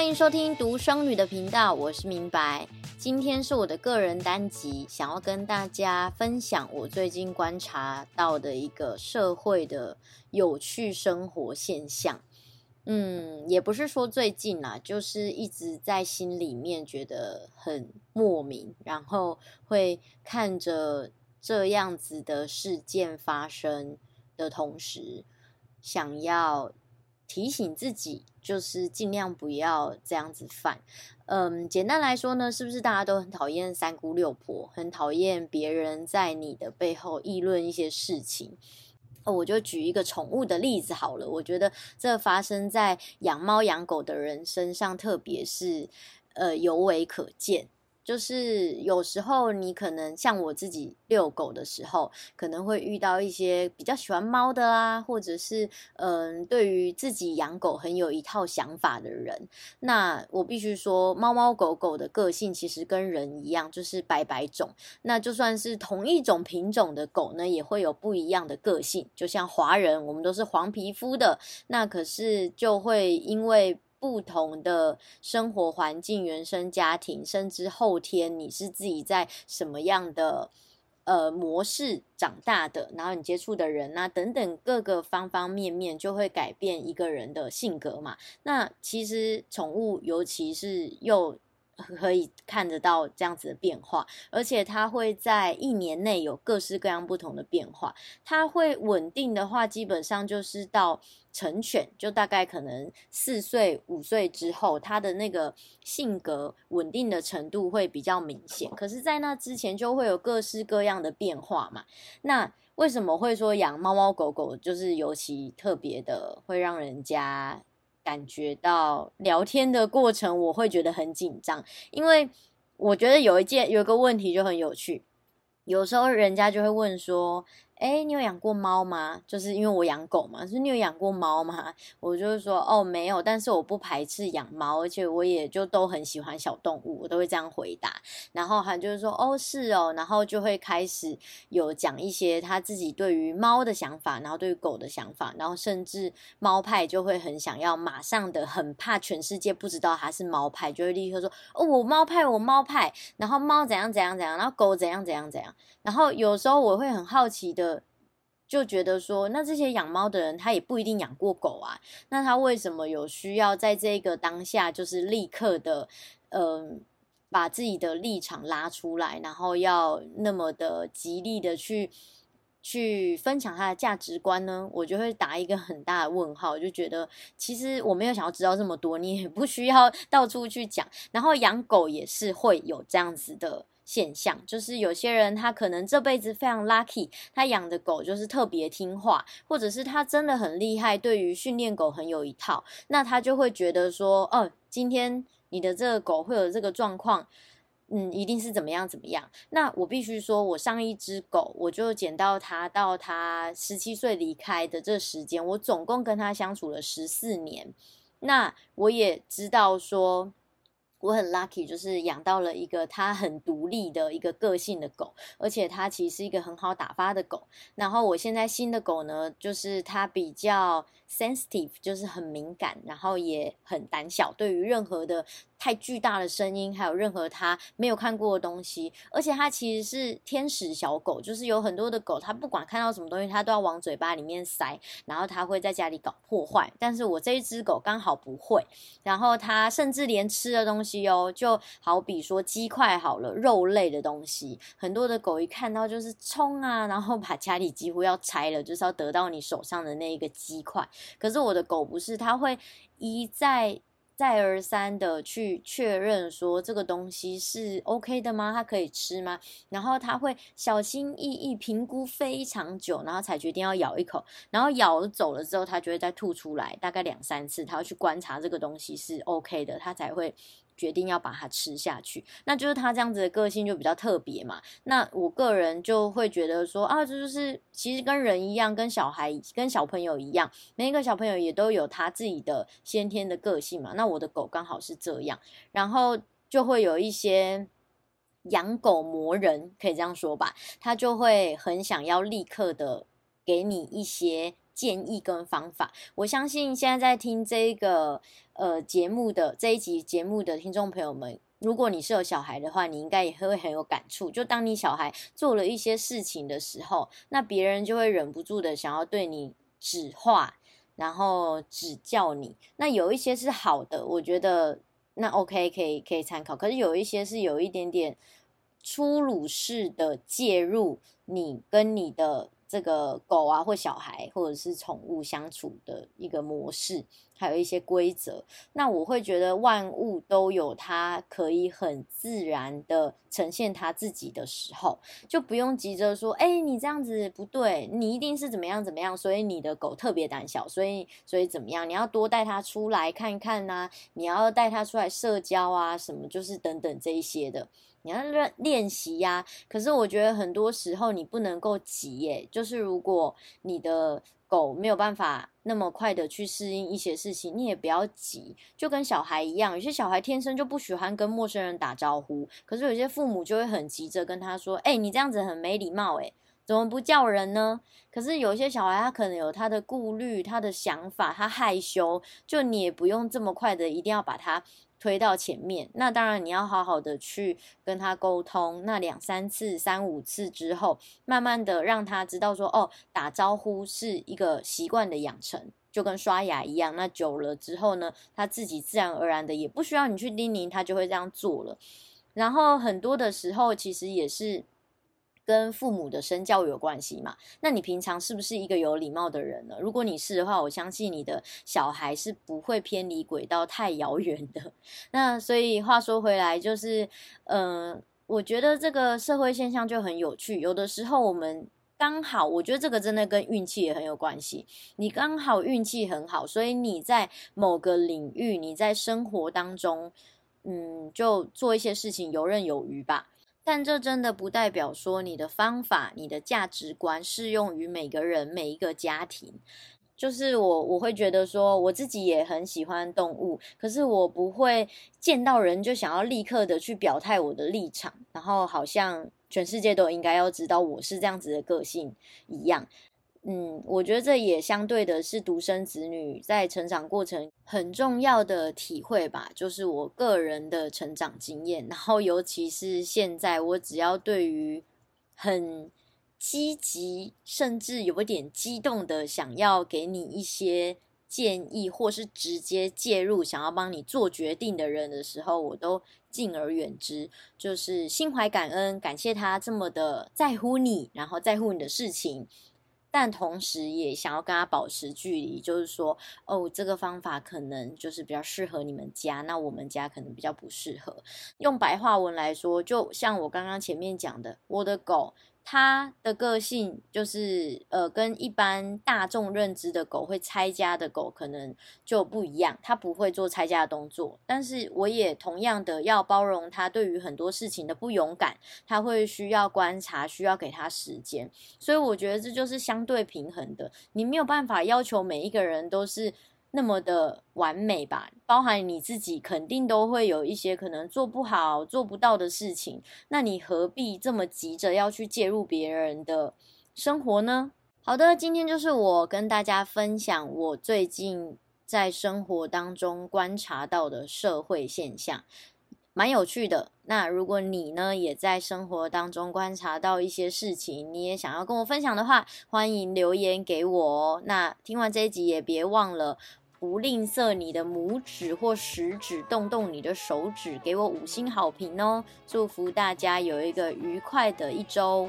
歡迎收聽獨生女的頻道，我是明白。今天是我的個人單集，想要跟大家分享我最近觀察到的一個社會的有趣生活現象。嗯，也不是說最近啦，就是一直在心裡面覺得很莫名，然後會看着這樣子的事件發生的同時，想要。提醒自己，就是盡量不要這樣子犯。嗯，簡單來說呢，是不是大家都很討厭三姑六婆，很討厭別人在你的背後議論一些事情？我就舉一個寵物的例子好了，我覺得這發生在養貓養狗的人身上特別是呃，尤為可見。就是有時候你可能像我自己遛狗的時候，可能會遇到一些比較喜歡貓的啊，或者是嗯，對於自己養狗很有一套想法的人。那我必須說，貓貓狗狗的個性其實跟人一樣，就是百百種。那就算是同一種品種的狗呢，也會有不一樣的個性。就像華人，我們都是黃皮膚的，那可是就會因為。不同的生活環境、原生家庭，甚至後天，你是自己在什麼樣的呃模式長大的，然後你接觸的人啊等等各個方方面面，就會改變一個人的性格嘛。那其實寵物，尤其是又。可以看得到這樣子的變化，而且它會在一年內有各式各樣不同的變化。它會穩定的話，基本上就是到成犬，就大概可能四歲五歲之後，它的那個性格穩定的程度會比較明顯。可是，在那之前就會有各式各樣的變化嘛？那為什麼會說養貓貓狗狗就是尤其特別的，會讓人家？感覺到聊天的過程，我會覺得很緊張，因為我覺得有一件、有一個問題就很有趣，有時候人家就會問說。誒、欸，你有養過貓嗎？就是因為我養狗嘛，所以你有養過貓嗎？我就是說，哦，沒有，但是我不排斥養貓，而且我也就都很喜歡小動物，我都會這樣回答。然後還就是說，哦，是哦，然後就會開始有講一些他自己對於貓的想法，然後對於狗的想法，然後甚至貓派就會很想要馬上的，很怕全世界不知道他是貓派，就會立刻說，哦，我貓派，我貓派。然後貓怎樣怎樣怎樣，然後狗怎樣怎樣怎樣。然後有時候我會很好奇的。就覺得說，那這些養貓的人，他也不一定養過狗啊。那他為什麼有需要在這個當下，就是立刻的，嗯、呃、把自己的立場拉出來，然後要那麼的極力的去去分享他的價值觀呢？我就會打一個很大的問號，就覺得其實我沒有想要知道這麼多，你也不需要到處去講。然後養狗也是會有這樣子的。現象就是有些人他可能這輩子非常 lucky，他養的狗就是特別聽話，或者是他真的很厲害，對於訓練狗很有一套，那他就會覺得說，哦，今天你的這個狗會有這個狀況，嗯，一定是怎麼樣怎麼樣。那我必須說，我上一只狗，我就撿到它到它十七歲離開的這時間，我總共跟他相處了十四年，那我也知道說。我很 lucky，就是養到了一個它很獨立的一個個性的狗，而且它其實是一個很好打發的狗。然後我現在新的狗呢，就是它比較。Sensitive 就是很敏感，然後也很膽小。對於任何的太巨大的聲音，還有任何它沒有看過的東西，而且它其實是天使小狗。就是有很多的狗，它不管看到什麼東西，它都要往嘴巴裡面塞。然後它會在家裡搞破壞。但是我這一隻狗剛好不會。然後它甚至連吃的東西哦，就好比說雞塊好了，肉類的東西，很多的狗一看到就是衝啊，然後把家裡幾乎要拆了，就是要得到你手上的那一個雞塊。可是我的狗不是，它會一再再而三的去確認說，這個東西是 OK 的嗎？它可以吃嗎？然後它會小心翼翼評估非常久，然後才決定要咬一口。然後咬走了之後，它就會再吐出來，大概兩三次，它要去觀察這個東西是 OK 的，它才會。決定要把它吃下去，那就是他這樣子的個性就比較特別嘛。那我個人就會覺得說啊，這就是其實跟人一樣，跟小孩、跟小朋友一樣，每一個小朋友也都有他自己的先天的個性嘛。那我的狗剛好是這樣，然後就會有一些養狗魔人，可以這樣說吧，它就會很想要立刻的給你一些。建議跟方法，我相信現在在聽這個呃節目的這一集節目的聽眾朋友們，如果你是有小孩的話，你應該也會很有感觸。就當你小孩做了一些事情的時候，那別人就會忍不住的想要對你指話然後指教你。那有一些是好的，我覺得那 OK 可以可以參考。可是有一些是有一點點粗魯式的介入，你跟你的。這個狗啊，或小孩，或者是寵物相處的一個模式。還有一些規則，那我會覺得萬物都有它可以很自然的呈現它自己的時候，就不用急着說，欸，你這樣子不對，你一定是怎麼樣怎麼樣，所以你的狗特別膽小，所以所以怎麼樣，你要多帶它出來看看啊，你要帶它出來社交啊，什麼就是等等這一些的，你要練練習呀。可是我覺得很多時候你不能夠急耶，就是如果你的。狗沒有辦法那麼快的去適應一些事情，你也不要急，就跟小孩一樣，有些小孩天生就不喜歡跟陌生人打招呼，可是有些父母就會很急着跟他說，欸，你這樣子很沒禮貌欸，怎麼不叫人呢？可是有些小孩他可能有他的顧慮，他的想法，他害羞，就你也不用這麼快的，一定要把他。推到前面，那當然你要好好的去跟他溝通。那兩三次、三五次之後，慢慢的讓他知道說，哦，打招呼是一個習慣的養成，就跟刷牙一樣。那久了之後呢，他自己自然而然的也不需要你去叮嚀，他就會這樣做了。然後很多的時候，其實也是。跟父母的身教有關係嘛？那你平常是不是一個有禮貌的人呢？如果你是的話，我相信你的小孩是不會偏離軌道太遙遠的。那所以話說回來，就是，嗯、呃，我覺得這個社會現象就很有趣。有的時候我們剛好，我覺得這個真的跟運氣也很有關係。你剛好運氣很好，所以你在某個領域，你在生活當中，嗯，就做一些事情游刃有餘吧。但這真的不代表說你的方法、你的價值觀適用於每個人、每一個家庭。就是我，我會覺得說，我自己也很喜歡動物，可是我不會見到人就想要立刻的去表態我的立場，然後好像全世界都應該要知道我是這樣子的個性一樣。嗯，我覺得這也相對的是獨生子女在成長過程很重要的體會吧，就是我個人的成長經驗。然後，尤其是現在，我只要對於很積極，甚至有一點激動的想要給你一些建議，或是直接介入想要幫你做決定的人的時候，我都敬而遠之，就是心懷感恩，感謝他這麼的在乎你，然後在乎你的事情。但同時也想要跟他保持距離，就是說，哦，這個方法可能就是比較適合你們家，那我們家可能比較不適合。用白話文來說，就像我剛剛前面講的，我的狗。他的個性就是，呃，跟一般大眾認知的狗會拆家的狗可能就不一樣，它不會做拆家的動作。但是我也同樣的要包容它對於很多事情的不勇敢，它會需要觀察，需要給它時間。所以我覺得這就是相對平衡的，你沒有辦法要求每一個人都是。那麼的完美吧，包含你自己，肯定都會有一些可能做不好、做不到的事情，那你何必這麼急着要去介入別人的生活呢？好的，今天就是我跟大家分享我最近在生活當中觀察到的社會現象，蠻有趣的。那如果你呢也在生活當中觀察到一些事情，你也想要跟我分享的話，歡迎留言給我哦。那聽完這一集也別忘了。不吝嗇你的拇指或食指，動動你的手指，給我五星好評哦。祝福大家有一個愉快的一周。